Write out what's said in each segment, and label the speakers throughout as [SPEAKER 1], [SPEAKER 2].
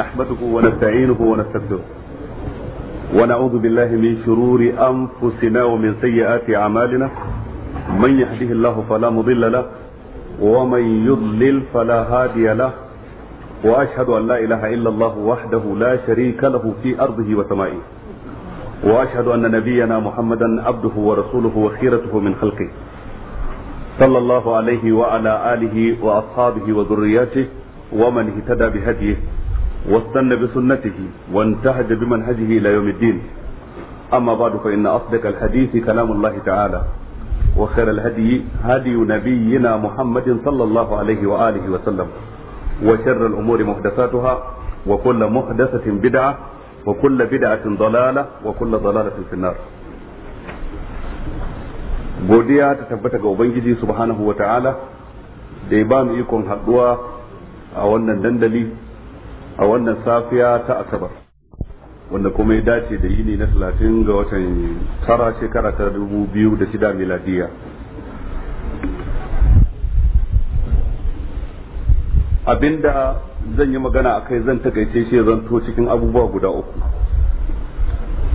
[SPEAKER 1] نحمده ونستعينه ونستغفره ونعوذ بالله من شرور أنفسنا ومن سيئات أعمالنا من يهده الله فلا مضل له ومن يضلل فلا هادي له وأشهد أن لا إله إلا الله وحده لا شريك له في أرضه وسمائه وأشهد أن نبينا محمدا عبده ورسوله وخيرته من خلقه صلى الله عليه وعلى آله وأصحابه وذرياته ومن اهتدى بهديه واستنى بسنته وانتهج بمنهجه الى يوم الدين اما بعد فان اصدق الحديث كلام الله تعالى وخير الهدي هدي نبينا محمد صلى الله عليه واله وسلم وشر الامور محدثاتها وكل محدثه بدعه وكل بدعه ضلاله وكل ضلاله في النار godiya ta tabbata ga ubangiji subhanahu wa ta'ala da ya ba mu ikon a wannan dandali a wannan safiya ta asabar wanda kuma ya dace da yini na talatin ga watan tara shekara ta dubu biyu da shida miladiya abinda zan yi magana a kai zan takaice shi zanto cikin abubuwa guda uku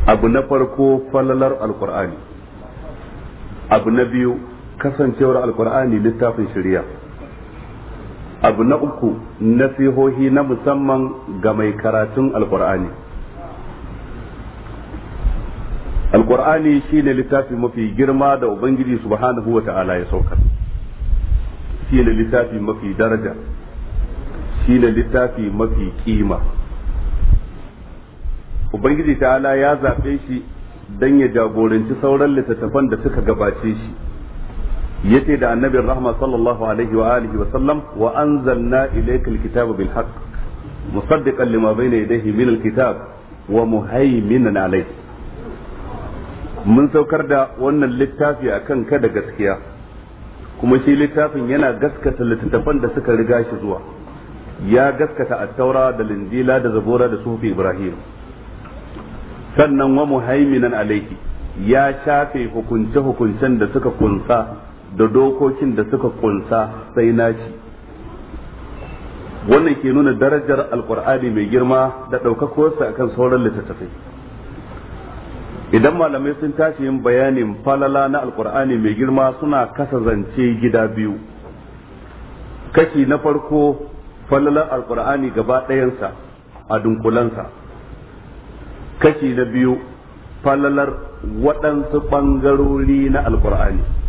[SPEAKER 1] abu na farko falalar alkur'ani abu na biyu kasancewar alkur'ani littafin shari'a abu na uku nasihohi na musamman ga mai karatun alkur'ani alkur'ani shine littafi mafi girma da ubangiji subhanahu wa ta'ala ya saukar shine littafi mafi daraja shine littafi mafi kima ubangiji ta'ala ya zaɓe shi don ya jagoranci sauran littattafan da suka gabace shi yace da annabin rahma sallallahu alaihi wa alihi wa sallam wa anzalna ilayka alkitaba bil haqq musaddiqan lima bayna yadayhi min alkitab wa muhaiminan alayhi mun saukar da wannan littafi akan ka da gaskiya kuma shi littafin yana gaskata littattafan da suka riga shi zuwa ya gaskata at-taura da linjila da zabura da sufi ibrahim sannan wa muhaiminan alayhi ya shafe hukunce-hukuncen da suka kunsa da dokokin da suka kunsa sai naci wannan ke nuna darajar alkur'ani mai girma da ɗaukakowarsa akan sauran littattafai idan malamai sun tashi yin bayanin falala na alkur'ani mai girma suna kasa zance gida biyu kashi na farko falalar alkur'ani gaba ɗayansa a dunkulansa kashi na biyu falalar waɗansu ɓangarori na alkur'ani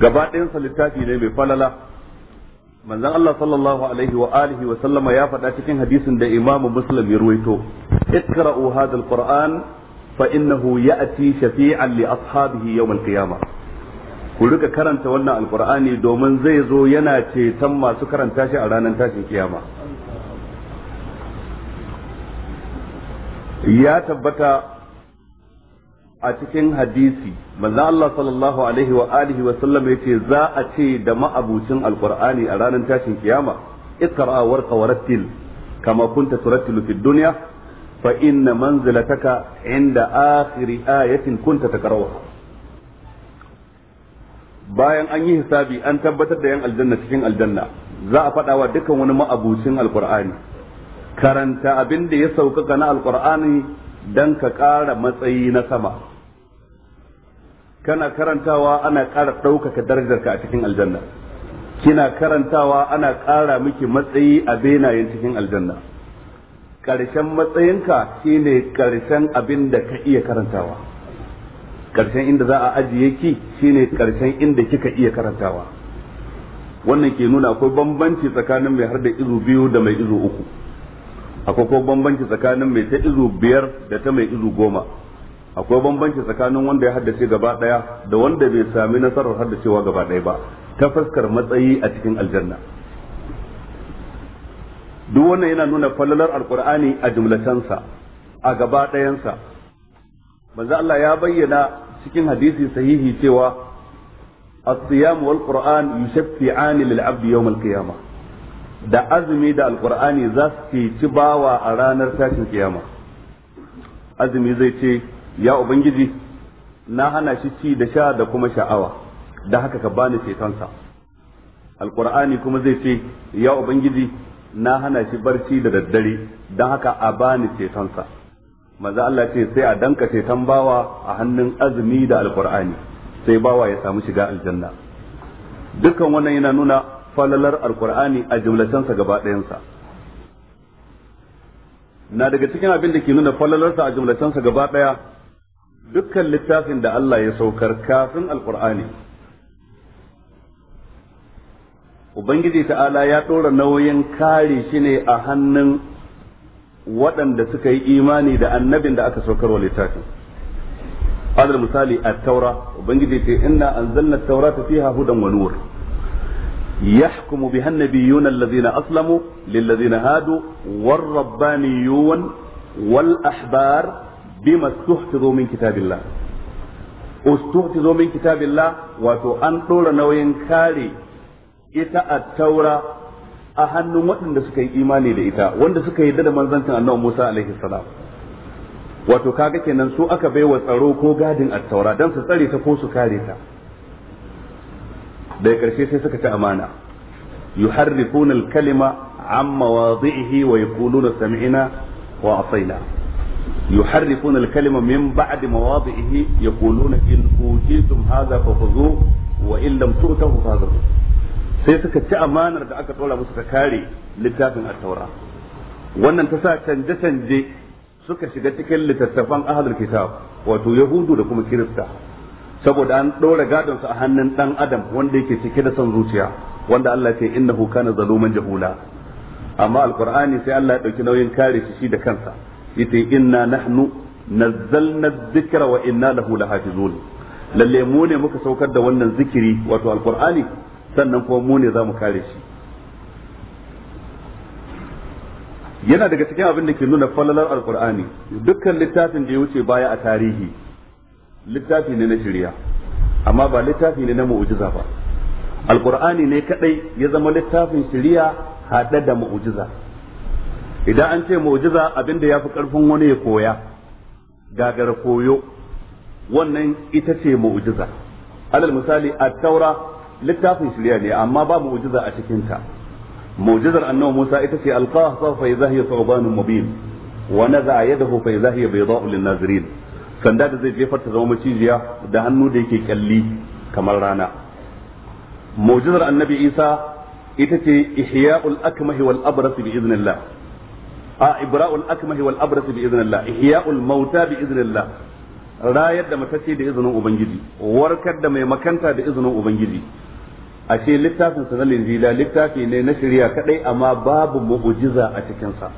[SPEAKER 1] gaba ɗayansa littafi ne mai falala manzon Allah sallallahu alaihi wa alihi wa sallama ya faɗa cikin hadisin da Imam Muslim ya ruwaito ikra'u hadha alquran fa innahu ya'ti shafi'an li ashabihi yawm alqiyamah ku rika karanta wannan alqur'ani domin zai zo yana ceton masu karanta shi a ranar tashin kiyama ya tabbata a cikin hadisi manzo Allah sallallahu alaihi wa alihi wa sallam yace za a ce da ma'abucin alqur'ani a ranar tashin kiyama iqra warqa warattil kama kunta turattilu fid dunya fa inna manzilataka inda akhiri ayatin kunta takrawa bayan an yi hisabi an tabbatar da yan aljanna cikin aljanna za a faɗa wa dukkan wani ma'abucin alqur'ani karanta abin da ya sauƙaƙa na alqur'ani dan ka ƙara matsayi na sama kana karantawa ana ƙara ɗaukaka darajarka a cikin aljanna kina karantawa ana ƙara miki matsayi a benayen cikin aljanna ƙarshen matsayinka shine ƙarshen abin da ka iya karantawa ƙarshen inda za a ajiye ki shine ƙarshen inda kika iya karantawa wannan ke nuna akwai bambanci tsakanin mai har da izu biyu da mai izu uku akwai ko bambanci tsakanin mai ta izu biyar da ta mai izu goma akwai bambanci tsakanin wanda ya haddace gaba daya da wanda bai sami nasarar haddacewa gaba daya ba ta fuskar matsayi a cikin aljanna duk wannan yana nuna falalar alkur'ani a jumlatansa a gaba dayansa manzo Allah ya bayyana cikin hadisi sahihi cewa as-siyam wal qur'an yushaffi'ani lil 'abdi yawm al-qiyamah da azumi da alkur'ani za su ci bawa a ranar tashin kiyama azumi zai ce ya ubangiji na hana shi ci da sha da kuma sha'awa da haka ka bani cetonsa alkur'ani kuma zai ce ya ubangiji na hana shi barci da daddare da haka a bani cetonsa maza Allah ce sai a danka ceton bawa a hannun azumi da alkur'ani sai bawa ya samu shiga aljanna dukkan wannan yana nuna falalar alkur'ani a jumlatansa gaba ɗayansa na daga cikin abin da ke nuna falalarsa a jumlatansa gaba ɗaya dukkan littafin da Allah ya saukar kafin alkur'ani ubangiji ta'ala ya ɗora nauyin kare shi ne a hannun waɗanda suka yi imani da annabin da aka saukar wa littafin alal misali a taura ubangiji ce inna anzalna at-taurata fiha hudan wa nur يحكم بها النبيون الذين أسلموا للذين هادوا والربانيون والأحبار بما استحفظوا من كتاب الله استحفظوا من كتاب الله وتؤنطر نوين كاري إتا التورة أهن وإن سكي إيماني لإتا وإن سكي دد منزنك أنه موسى عليه السلام wato kaga kenan su aka baiwa tsaro ko gadin attaura don su tsare ta ko su kare ta daga karshe sai suka ci amana yuharrifuna al-kalima an mawadhihi wa yaquluna sami'na wa asaina yuharrifuna al-kalima min ba'd mawadhihi yaquluna in utitum hadha fakhudhu wa in lam tu'tahu fadhru sai suka ci amanar da aka tsora musu ta kare littafin at-taura wannan ta sa canje-canje suka shiga cikin littattafan ahlul kitab wato yahudu da kuma kirista saboda an ɗora gadon sa a hannun dan adam wanda yake cike da son zuciya wanda Allah ya ce innahu kana zaluman jahula amma alqur'ani sai Allah ya dauki nauyin kare shi shi da kansa yace inna nahnu nazzalna dhikra wa inna lahu lahafizun lalle mu ne muka saukar da wannan zikiri wato alqur'ani sannan kuma mu ne zamu kare shi yana daga cikin abin da ke nuna falalar alqur'ani dukkan littafin da ya wuce baya a tarihi littafi ne na shirya amma ba littafi ne na mu'ujiza ba alqur'ani ne kadai ya zama littafin shirya hada da mu'ujiza idan an ce mu'jiza abinda fi karfin wani ya koya gagara koyo wannan ita ce mu'ujiza. alal misali at-taura littafin shirya ne amma ba mu'ujiza a cikin ta mu'jizar annabi Musa ita ce alqa fa fa hiya thawbanun mubin wa nadha yadahu fa idha lin-nazirin sanda da zai jefar ta zama macijiya da hannu da yake kyalli kamar rana mu'jizar annabi isa ita ce ihya'ul akmahi wal abrasi bi iznillah a ibra'ul akmahi wal abrasi bi iznillah ihya'ul mauta bi iznillah rayar da matacce da izinin ubangiji warkar da mai makanta da izinin ubangiji ashe littafin sa na littafi ne na shirya kadai amma babu mu'jiza a cikin sa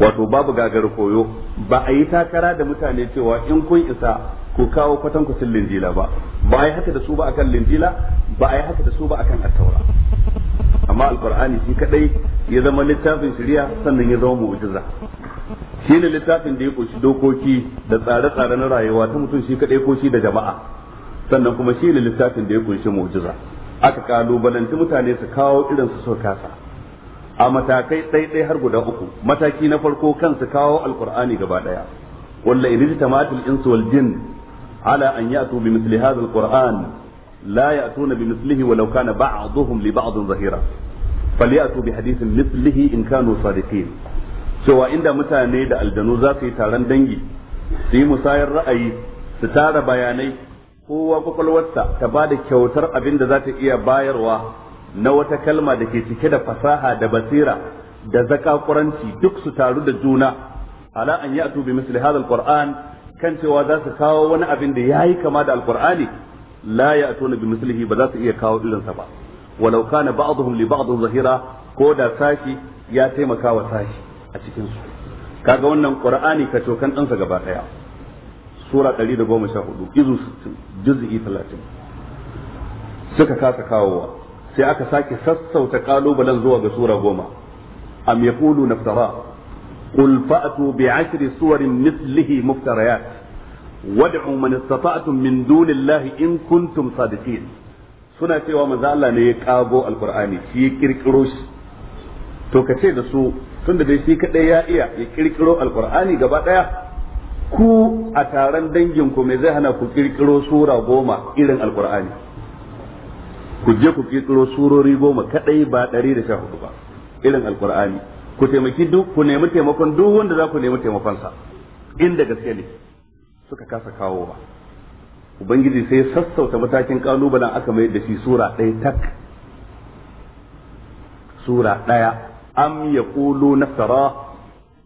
[SPEAKER 1] wato babu gagar koyo ba a yi takara da mutane cewa in kun isa ku kawo kwatan kusin linjila ba ba a yi haka da su ba akan linjila ba a yi haka da su ba akan attaura amma alkur'ani shi kadai ya zama littafin shari'a sannan ya zama mu'jiza shi ne littafin da ya kunshi dokoki da tsare-tsare na rayuwa ta mutum shi kadai ko da jama'a sannan kuma shi ne littafin da ya kunshi mu'jiza aka kalubalanci mutane su kawo irin su so kasa a matakai ɗaiɗai har guda uku mataki na farko kansu kawo alqur'ani gaba ɗaya walla in jama'atul insu wal jin ala an ya'tu bi mithli hadha alqur'an la ya'tuna bi mithlihi walau kana ba'dhuhum li ba'dhin zahira falyatu bi hadithin mislihi in kanu sadiqin cewa inda mutane da aljanu za su yi taron dangi su yi musayar ra'ayi su tara bayanai kowa kwakwalwarsa ta ba da kyautar abin da za ta iya bayarwa na wata kalma da ke cike da fasaha da basira da zakakuranci duk su taru da juna ala an ya'tu bi misli hadha alquran kan cewa za su kawo wani abin da yi kama da alqur'ani la ya'tuna bi mislihi ba za su iya kawo irin sa ba walau kana ba'dhum li ba'd zahira ko da sashi ya taimaka wa sashi a cikin su kaga wannan qur'ani ka cokan ɗansa gaba daya sura 114 juz'i 30 suka kasa kawowa sai aka sake sassauta kalubalen zuwa ga sura goma am yaqulu naftara qul fa'tu bi ashri suwarin mithlihi muftariyat wad'u man istata'tum min dunillahi in kuntum sadiqin suna cewa manzo Allah ne ya kago alqur'ani shi ya kirkiro shi to ce da su tunda dai shi kadai ya iya ya kirkiro alqur'ani gaba daya ku a taron danginku me zai hana ku kirkiro sura goma irin alqur'ani ku je ku kitsiro surori goma kadai ba ɗari da sha hudu ba irin alkur'ani ku taimaki duk ku nemi taimakon duk wanda za ku nemi taimakon sa. inda gaske ne suka kasa kawo ba ubangiji sai sassauta matakin kalubalen aka mai da shi sura ɗaya tak sura ɗaya am ya ƙulu nasara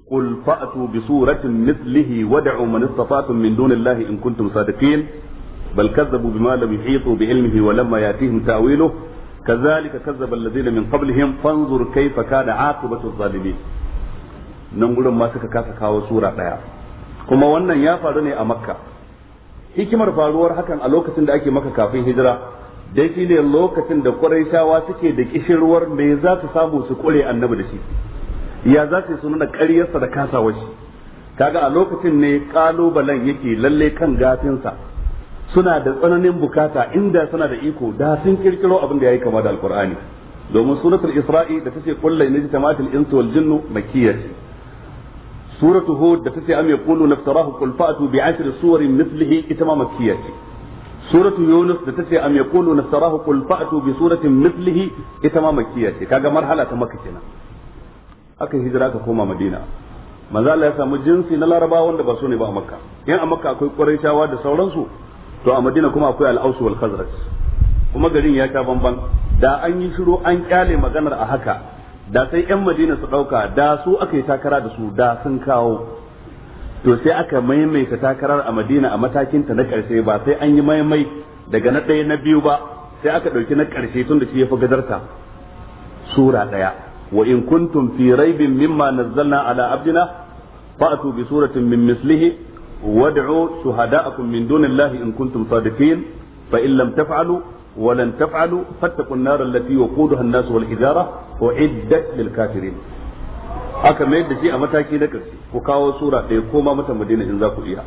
[SPEAKER 1] قل فأتوا بسورة مثله ودعوا من استطعتم من دون الله إن كنتم صادقين بل كذبوا بما لم يحيطوا بعلمه ولما يأتيهم ka كذلك كذب الذين من قبلهم فانظر كيف كان عاقبة الظالمين nan gurin ma suka kasa kawo sura ɗaya kuma wannan ya faru ne a makka hikimar faruwar hakan a lokacin da ake maka kafin hijira dai shi ne lokacin da ƙuraishawa suke da kishirwar me za su samu su kure annabi da shi ya za su nuna ƙaryarsa da kasawar shi kaga a lokacin ne ƙalubalen yake lalle kan gafinsa suna da tsananin bukata inda suna da iko da sun kirkiro abin da yayi kama da alqur'ani domin suratul isra'i da tace qul la inna jama'atul insu wal jinnu makkiyah suratu hud da tace am yaqulu naftarahu qul fa'tu bi ashri suwarin mithlihi ita ma makkiyah suratu yunus da tace am yaqulu naftarahu qul fa'tu bi suratin mithlihi ita ma makkiyah kaga marhala ta makka kenan aka hijira ka koma madina manzo Allah ya samu jinsi na larabawa wanda ba su ne ba a makka yan a makka akwai quraishawa da sauransu to a madina kuma akwai al'ausu wal khazraj kuma garin ya sha bamban da an yi shiru an kyale maganar a haka da sai yan madina su dauka da su aka yi takara da su da sun kawo to sai aka maimaita takarar a madina a matakin ta na karshe ba sai an yi maimai daga na ɗaya na biyu ba sai aka ɗauki na karshe tun da shi ya fi gadarta sura ɗaya wa in kuntum fi raibin mimma nazzalna ala abdina fa'atu bi suratin min mislihi wad'u shuhada'akum min dunillahi in kuntum sadiqin fa in lam taf'alu wa lan taf'alu fattaqun nar allati waquduha an-nas wal hijara u'iddat lil kafirin aka mai da shi a mataki na karshe ku kawo sura ɗaya ko ma mata madina in za ku iya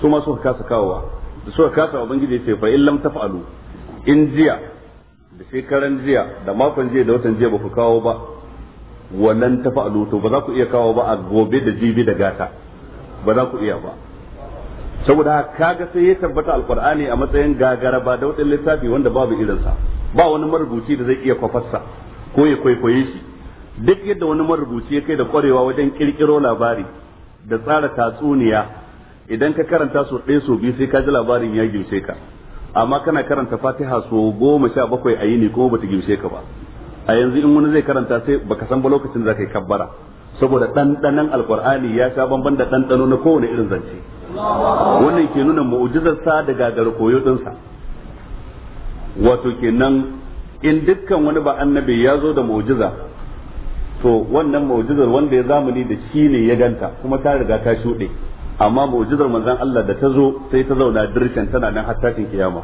[SPEAKER 1] su ma suka kasa kawowa da suka kasa ubangiji ya ce fa in lam taf'alu in jiya da shekaran jiya da makon jiya da watan jiya ba ku kawo ba wannan ta fa'alu to ba za ku iya kawo ba a gobe da jibi da gata ba za ku iya ba saboda kaga sai ya tabbata alqur'ani a matsayin gagara ba wadannan littafi wanda babu irinsa ba wani marubuci da zai iya kwafarsa ko ya kwaikwaye shi duk yadda wani marubuci ya kai da kwarewa wajen kirkiro labari da tsara tatsuniya idan ka karanta su ɗaya so biyu sai ka ji labarin ya gimshe ka amma kana karanta fatiha so goma sha bakwai a yini kuma bata gimshe ka ba a yanzu in wani zai karanta sai baka san ba lokacin da za ka yi kabbara saboda ɗanɗanon alkur'ani ya sha bamban da ɗanɗano na kowane irin zance
[SPEAKER 2] wannan
[SPEAKER 1] ke nuna mu'jizarsa da gagar koyo dinsa wato kenan in dukkan wani ba annabi ya zo da mu'jiza to wannan mu'jizar wanda ya zamani da shi ne ya ganta kuma ta riga ta shuɗe amma mu'jizar manzon Allah da ta zo sai ta zauna dirshan tana nan har tashin kiyama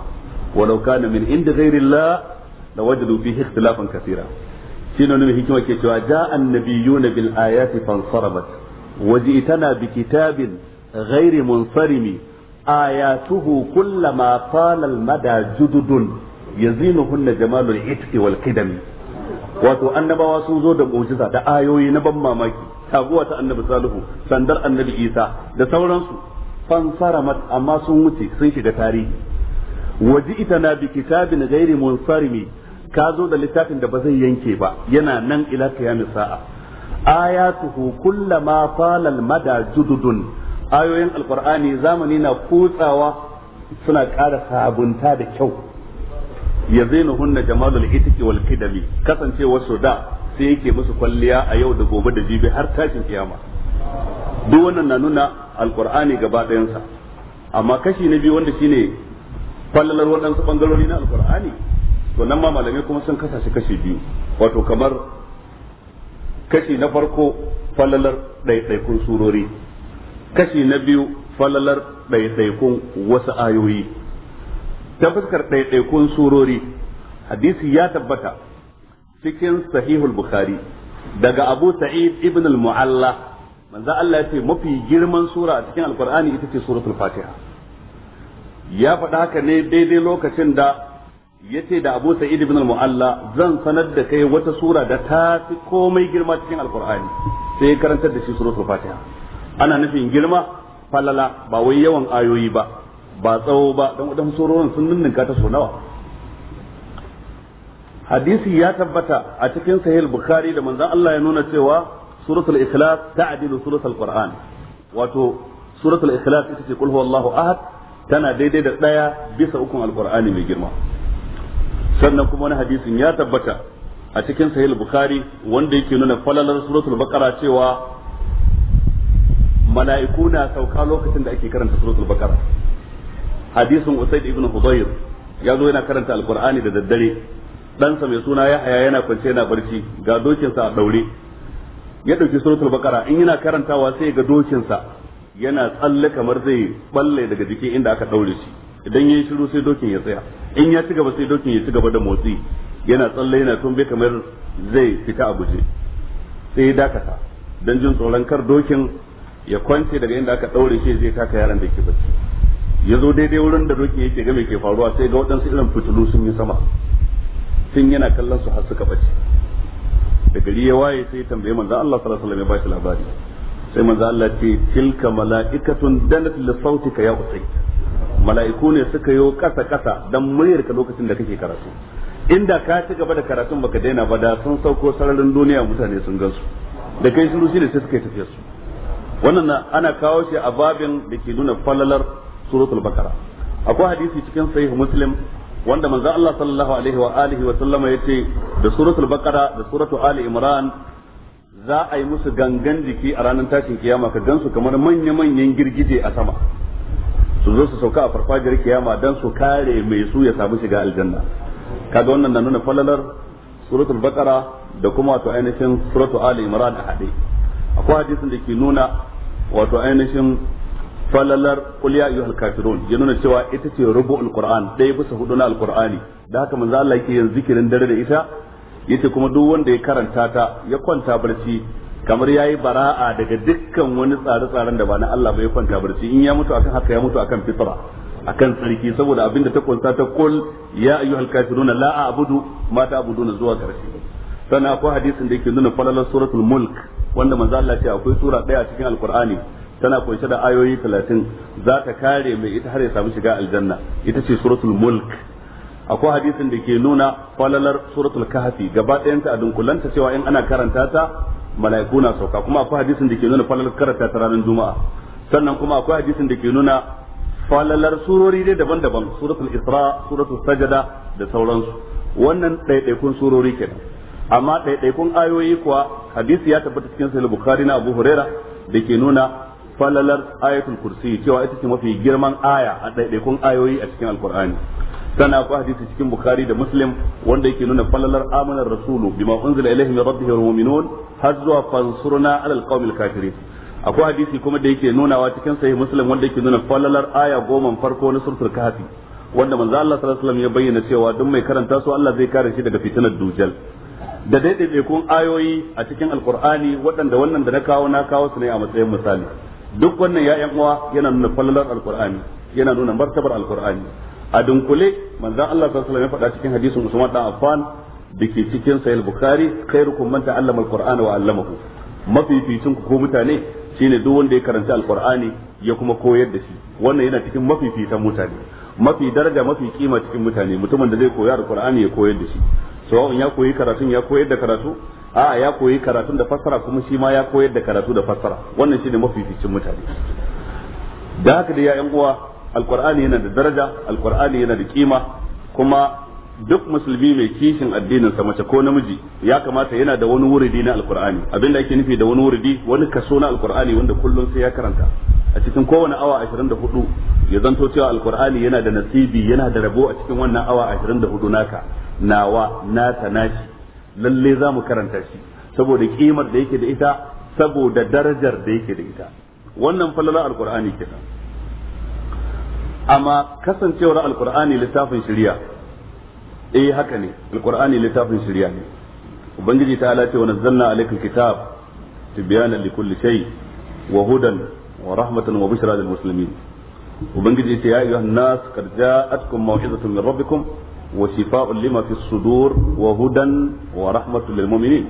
[SPEAKER 1] walau kana min inda ghairillah da fihi ikhtilafan shi ne wani hikima ke cewa ja'a annabiyuna bil ayati fansarabat waji'tana bi kitabin ghairi munsarimi ayatuhu kullama tala almada jududun yazinuhunna jamalul itqi wal wato annabawa sun zo da mu'jiza da ayoyi na ban mamaki taguwa ta annabi salihu sandar annabi isa da sauransu fansaramat amma sun wuce sun shiga tarihi waji ita na bi kitabin ghairi munsarimi ka zo da littafin da ba zai yanke ba yana nan ila qiyamis sa'a ayatuhu kullama falal mada jududun ayoyin alkur'ani zamani na kutsawa suna ƙara sabunta da kyau ya zaina hunna jamalul itiki wal kidami kasancewa su da sai yake musu kwalliya a yau da gobe da jibi har tashin kiyama duk wannan na nuna alkur'ani gaba ɗayansa amma kashi na biyu wanda shine fallalar waɗansu ɓangarori na alkur'ani to nan ma malamai kuma sun kasa shi kashi biyu wato kamar kashi na farko fallalar ɗaiɗaikun surori kashi na biyu falalar ɗaiɗaikun wasu ayoyi ta fuskar ɗaiɗaikun surori hadisi ya tabbata cikin sahihul bukhari daga abu sa'id ibn al-mu'alla manzo Allah ya ce mafi girman sura a cikin alqur'ani ita ce suratul fatiha ya faɗa haka ne daidai lokacin da ya ce da abu sa'id ibn al-mu'alla zan sanar da kai wata sura da ta fi komai girma cikin alqur'ani sai ya karantar da shi suratul fatiha ana nufin girma falala ba wai yawan ayoyi ba ba tsawo ba don wadan sororin sun ninninka ta so nawa hadisi ya tabbata a cikin sahih bukhari da manzon Allah ya nuna cewa suratul ikhlas ta'dilu suratul qur'an wato suratul ikhlas ita ce qul huwallahu ahad tana daidai da daya bisa ukun alqur'ani mai girma sannan kuma wani hadisin ya tabbata a cikin sahih bukhari wanda yake nuna falalar suratul baqara cewa mala'iku na sauka lokacin da ake karanta suratul baqara hadisin usaid ibn hudayr ya zo yana karanta alqur'ani da daddare ɗansa mai suna ya haya yana kwance yana barci ga dokinsa a daure ya ɗauki suratul baqara in yana karantawa sai ga dokinsa yana tsalle kamar zai balle daga jiki inda aka daure shi idan yayi shiru sai dokin ya tsaya in ya ci gaba sai dokin ya ci gaba da motsi yana tsalle yana tumbe kamar zai fita a guje sai ya dakata dan jin tsoron kar dokin ya kwance daga inda aka ɗaure shi zai taka yaran da ke bacci ya zo daidai wurin da doki yake ga ke faruwa sai ga waɗansu irin fitilu sun yi sama sun yana kallon su har suka bace da gari ya waye sai ya tambaye manzon Allah sallallahu alaihi wasallam ya bashi labari sai manzon Allah ce tilka mala'ikatun danat li sautika ya usay mala'iku ne suka yo kasa kasa dan muryarka lokacin da kake karatu inda ka ci gaba da karatun baka daina ba da sun sauko sararin duniya mutane sun gansu da kai shiru shi ne sai suka yi tafiyar su wannan ana kawo shi a babin da ke nuna falalar suratul bakara akwai hadisi cikin sahih muslim wanda manzo Allah sallallahu alaihi wa alihi wa sallama yace da suratul bakara da suratul ali imran za a yi musu gangan jiki a ranar tashin kiyama ka gansu kamar manya-manyan girgije a sama su zo su sauka a farfajiyar kiyama dan su kare mai su ya samu shiga aljanna kaga wannan na nuna falalar suratul bakara da kuma wato ainihin suratul ali imran a haɗe akwai hadisin da ke nuna wato ainihin falalar kulya ya ayyuhal ya nuna cewa ita ce rubu'ul qur'an ɗaya bisa hudu na alkur'ani da haka manzo Allah yake yin zikirin dare da ita yace kuma duk wanda ya karanta ta ya kwanta barci kamar yayi bara'a daga dukkan wani tsare-tsaren da ba na Allah ba ya kwanta barci in ya mutu akan haka ya mutu akan fitra akan tsarki saboda abinda ta kunsa ta kul ya ayu alkafiruna la a'budu ma ta'buduna zuwa karshe sannan akwai hadisin da yake nuna falalar suratul mulk wanda manzo Allah ce akwai sura daya a cikin alqur'ani tana kunshe da ayoyi 30 zata kare mai ita har ya samu shiga aljanna ita ce suratul mulk akwai hadisin da ke nuna falalar suratul kahfi gaba ta a dunkulanta cewa in ana karanta ta mala'iku na sauka kuma akwai hadisin da ke nuna falalar karanta ta ranar juma'a sannan kuma akwai hadisin da ke nuna falalar surori dai daban-daban suratul isra suratul sajada da sauransu wannan ɗaiɗaikun surori kenan amma ɗaiɗaikun ayoyi kuwa hadisi ya tabbata cikin sahih bukhari na abu huraira da ke nuna falalar ayatul kursi cewa ita ce mafi girman aya a ɗaiɗaikun ayoyi a cikin alkur'ani sana akwai hadisi cikin bukhari da muslim wanda yake nuna falalar amanar rasulu bima unzila ilaihi min rabbihi wal mu'minun har zuwa fansuruna alal qawmil kafirin akwai hadisi kuma da yake nunawa cikin sahih muslim wanda yake nuna falalar aya goma farko na suratul kahfi wanda manzo Allah sallallahu alaihi wasallam ya bayyana cewa duk mai karanta su Allah zai kare shi daga fitinar dujal da kun ayoyi a cikin alkur'ani waɗanda wannan da na kawo na kawo su ne a matsayin misali duk wannan ya uwa yana nuna fallalar alkur'ani yana nuna martabar alkur'ani a dunkule manzon Allah sallallahu alaihi wasallam ya faɗa cikin hadisin Usman dan Affan da ke cikin sahih bukhari khairukum man ta'allama alqur'ana wa 'allamahu mafificin ku ko mutane shine duk wanda ya karanta alkur'ani ya kuma koyar da shi wannan yana cikin mafifitan mutane mafi daraja mafi kima cikin mutane mutumin da zai koya alqur'ani ya koyar da shi sawa'un ya koyi karatun ya koyar da karatu a'a ya koyi karatun da fassara kuma shi ma ya koyar da karatu da fassara wannan shine mafificin mutane da haka da ya'yan uwa alqur'ani yana da daraja alqur'ani yana da kima kuma duk musulmi mai kishin addinin sa mace ko namiji ya kamata yana da wani wuridi na alqur'ani da ake nufi da wani wuridi wani kaso na alqur'ani wanda kullum sai ya karanta a cikin kowane awa 24 ya zanto cewa alqur'ani yana da nasibi yana da rabo a cikin wannan awa 24 naka nawa nata nashi lalle za mu karanta shi saboda kimar da yake da ita saboda darajar da yake da ita wannan falala alkur'ani kenan amma kasancewar alkur'ani littafin shari'a eh haka ne alkur'ani littafin shari'a ne ubangiji ta ala ce wa nazzalna alaikal kitab tibyanan likulli shay wa hudan wa rahmatan wa bushra lil muslimin ubangiji ce ya ayyuhan nas qad ja'atkum maw'izatun min rabbikum وشفاء لما في الصدور وهدى ورحمة للمؤمنين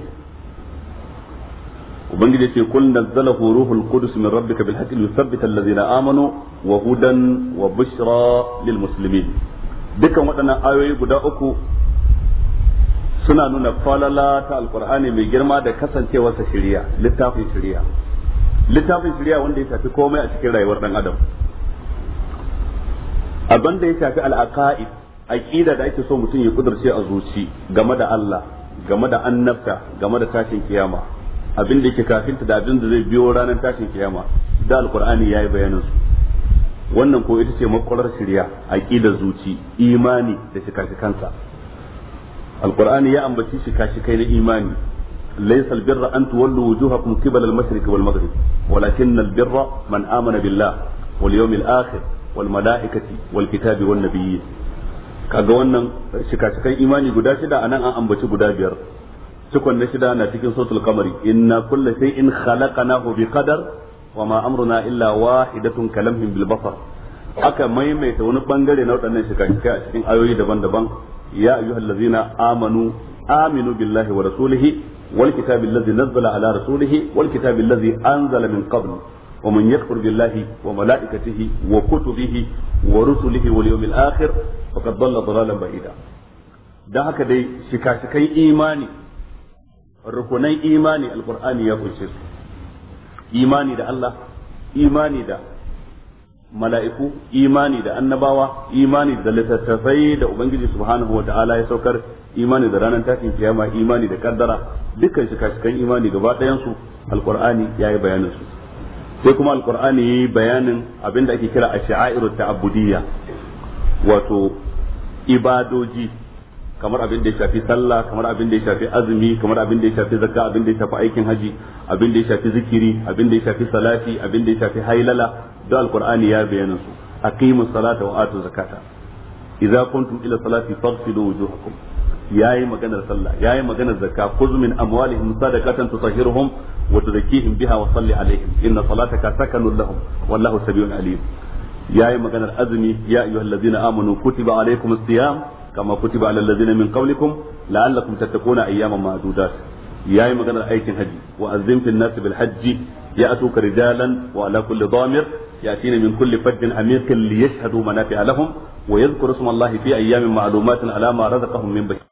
[SPEAKER 1] وبنجد في كل نزله روح القدس من ربك بالحق ليثبت الذين آمنوا وهدى وبشرى للمسلمين dukkan waɗannan ayoyi guda uku suna nuna falala ta alkur'ani mai girma da kasancewarsa shirya littafin shirya littafin shirya wanda ya shafi komai a cikin rayuwar ɗan adam abin da ya shafi al'aqa'id aqida da ake so mutum ya kudurce a zuci game da Allah game da annabta game da tashin kiyama abin da yake kafinta da abin da zai biyo ranar tashin kiyama da alqur'ani yayi bayanin su wannan ko ita ce makwarar shirya aqida zuci imani da shikashikansa alqur'ani ya ambaci kai na imani ليس البر أن تولوا وجوهكم قبل المشرق والمغرب billah wal من akhir wal mala'ikati wal kitabi wan nabiyyin kaga wannan shika imani guda shida anan an ambaci guda biyar cikon na shida na cikin suratul qamari inna kulla shay'in na bi qadar wa ma amruna illa wahidatun kalamhim bil basar aka maimaita wani bangare na waɗannan shika-shikai a cikin ayoyi daban-daban ya ayyuhallazina amanu aminu billahi wa rasulihi والكتاب الذي نزل على رسوله والكتاب الذي wa من قبل ومن wa بالله wa kutubihi. wa rusulihi wal yawmil akhir faqad dalla dalalan haka dai shikashikan imani rukunan imani alqur'ani ya kunce su imani da Allah imani da mala'iku imani da annabawa imani da littattafai da ubangiji subhanahu wata'ala ya saukar imani da ranar tashin kiyama imani da kaddara dukkan shikashikan imani gaba ɗayan su ya yi bayanin su sai kuma alkur'ani yayi bayanin abinda ake kira ash'airu ta'abbudiyya wato ibadoji kamar abin da ya shafi sallah kamar abin da ya shafi azumi kamar abin da ya shafi zakka abin da ya shafi aikin haji abin da ya shafi zikiri abin da ya shafi salati abin da ya shafi hailala da alkur'ani ya bayyana su aqimus salata wa atu zakata idza kuntum ila salati faghsilu wujuhakum yayi maganar sallah yayi maganar zakka kuzmin amwalihim sadaqatan tutahhiruhum وتزكيهم بها وصل عليهم إن صلاتك سكن لهم والله سميع عليم يا أيها مغنى الأزمي يا أيها الذين آمنوا كتب عليكم الصيام كما كتب على الذين من قبلكم لعلكم تتقون أياما معدودات يا أيها مغنى ايت الحج وأذن في الناس بالحج يأتوك رجالا وعلى كل ضامر يأتين من كل فج عميق ليشهدوا منافع لهم ويذكر اسم الله في أيام معلومات على ما رزقهم من بشر